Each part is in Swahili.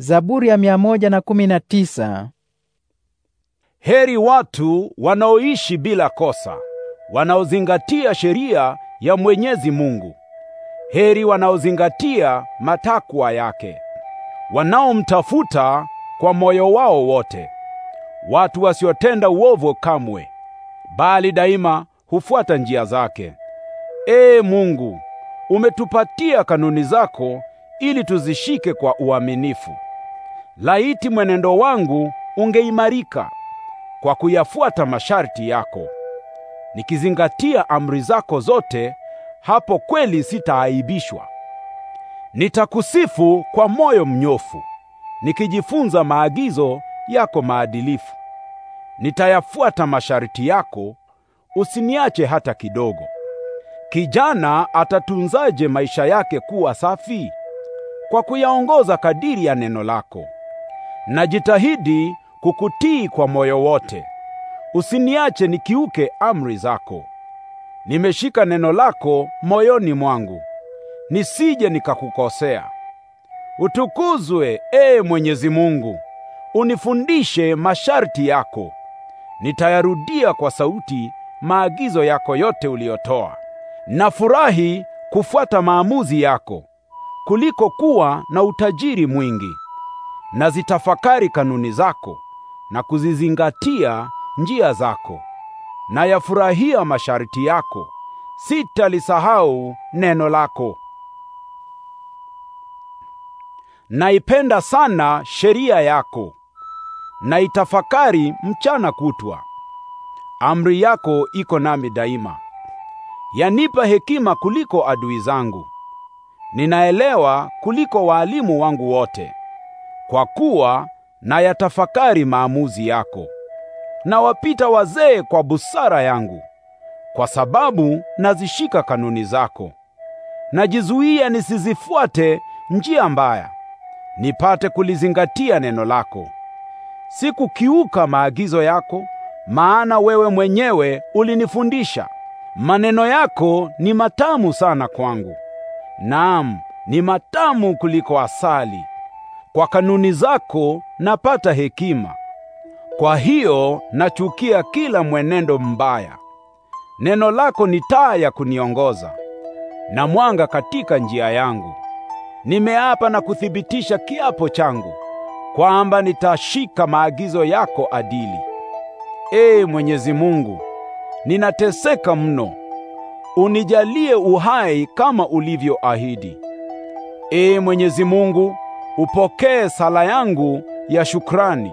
Zaburi ya 119. Heri watu wanaoishi bila kosa, wanaozingatia sheria ya Mwenyezi Mungu. Heri wanaozingatia matakwa yake, wanaomtafuta kwa moyo wao wote. Watu wasiotenda uovu kamwe, bali daima hufuata njia zake. Ee Mungu, umetupatia kanuni zako ili tuzishike kwa uaminifu. Laiti mwenendo wangu ungeimarika kwa kuyafuata masharti yako. Nikizingatia amri zako zote, hapo kweli sitaaibishwa. Nitakusifu kwa moyo mnyofu, nikijifunza maagizo yako maadilifu. Nitayafuata masharti yako, usiniache hata kidogo. Kijana atatunzaje maisha yake kuwa safi? Kwa kuyaongoza kadiri ya neno lako najitahidi kukutii kwa moyo wote. Usiniache nikiuke amri zako. Nimeshika neno lako moyoni mwangu, nisije nikakukosea. Utukuzwe, ee Mwenyezi Mungu. Unifundishe masharti yako. Nitayarudia kwa sauti maagizo yako yote uliyotoa. Nafurahi kufuata maamuzi yako kuliko kuwa na utajiri mwingi na zitafakari kanuni zako na kuzizingatia njia zako. Na yafurahia masharti yako, sitalisahau neno lako. Naipenda sana sheria yako, naitafakari mchana kutwa. Amri yako iko nami daima, yanipa hekima kuliko adui zangu, ninaelewa kuliko waalimu wangu wote kwa kuwa na yatafakari maamuzi yako. Na wapita wazee kwa busara yangu, kwa sababu nazishika kanuni zako. Najizuia nisizifuate njia mbaya, nipate kulizingatia neno lako. Sikukiuka maagizo yako, maana wewe mwenyewe ulinifundisha. Maneno yako ni matamu sana kwangu, naam, ni matamu kuliko asali. Kwa kanuni zako napata hekima. Kwa hiyo nachukia kila mwenendo mbaya. Neno lako ni taa ya kuniongoza na mwanga katika njia yangu. Nimeapa na kuthibitisha kiapo changu kwamba nitashika maagizo yako adili. Ee Mwenyezi Mungu, ninateseka mno. Unijalie uhai kama ulivyoahidi. Ee Mwenyezi Mungu, upokee sala yangu ya shukrani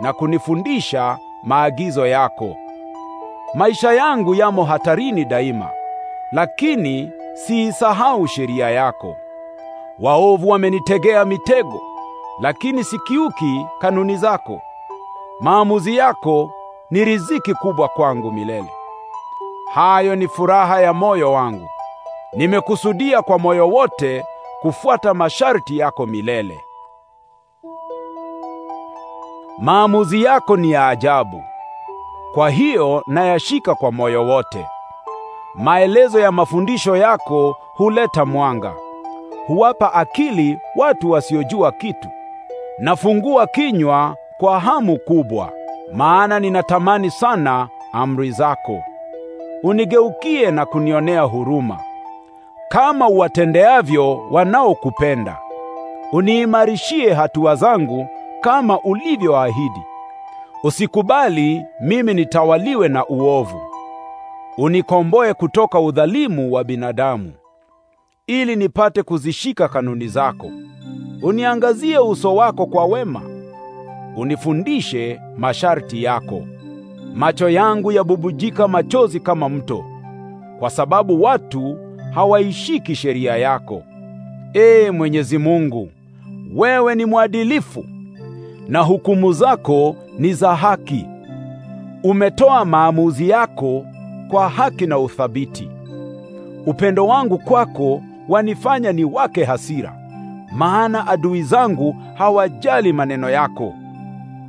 na kunifundisha maagizo yako. Maisha yangu yamo hatarini daima, lakini siisahau sheria yako. Waovu wamenitegea mitego, lakini sikiuki kanuni zako. Maamuzi yako ni riziki kubwa kwangu milele. Hayo ni furaha ya moyo wangu. Nimekusudia kwa moyo wote kufuata masharti yako milele. Maamuzi yako ni ya ajabu, kwa hiyo nayashika kwa moyo wote. Maelezo ya mafundisho yako huleta mwanga, huwapa akili watu wasiojua kitu. Nafungua kinywa kwa hamu kubwa, maana ninatamani sana amri zako. Unigeukie na kunionea huruma, kama uwatendeavyo wanaokupenda. Uniimarishie hatua zangu kama ulivyoahidi. Usikubali mimi nitawaliwe na uovu. Unikomboe kutoka udhalimu wa binadamu, ili nipate kuzishika kanuni zako. Uniangazie uso wako kwa wema, unifundishe masharti yako. Macho yangu yabubujika machozi kama mto, kwa sababu watu hawaishiki sheria yako. Ee Mwenyezi Mungu, wewe ni mwadilifu na hukumu zako ni za haki. Umetoa maamuzi yako kwa haki na uthabiti. Upendo wangu kwako wanifanya ni wake hasira, maana adui zangu hawajali maneno yako.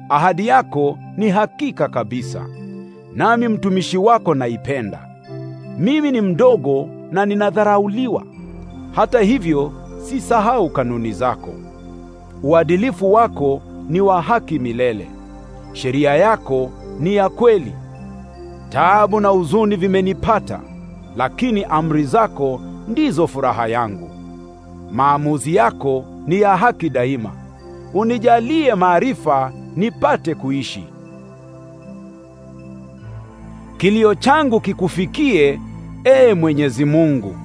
Ahadi yako ni hakika kabisa, nami mtumishi wako naipenda. Mimi ni mdogo na ninadharauliwa, hata hivyo sisahau kanuni zako. Uadilifu wako ni wa haki milele. Sheria yako ni ya kweli. Taabu na huzuni vimenipata, lakini amri zako ndizo furaha yangu. Maamuzi yako ni ya haki daima. Unijalie maarifa nipate kuishi. Kilio changu kikufikie, Ee Mwenyezi Mungu.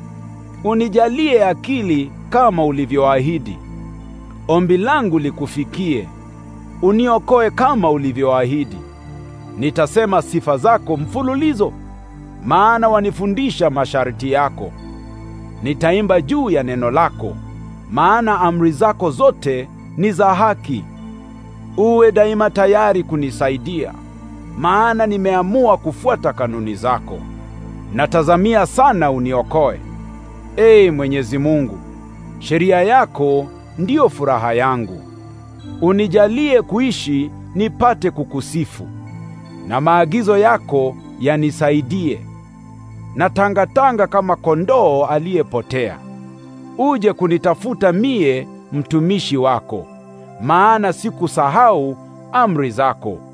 Unijalie akili kama ulivyoahidi. Ombi langu likufikie uniokoe kama ulivyoahidi. Nitasema sifa zako mfululizo, maana wanifundisha masharti yako. Nitaimba juu ya neno lako, maana amri zako zote ni za haki. Uwe daima tayari kunisaidia, maana nimeamua kufuata kanuni zako. Natazamia sana uniokoe. Ee Mwenyezi Mungu, sheria yako ndiyo furaha yangu unijalie kuishi nipate kukusifu, na maagizo yako yanisaidie. Natangatanga kama kondoo aliyepotea. Uje kunitafuta mie mtumishi wako, maana sikusahau amri zako.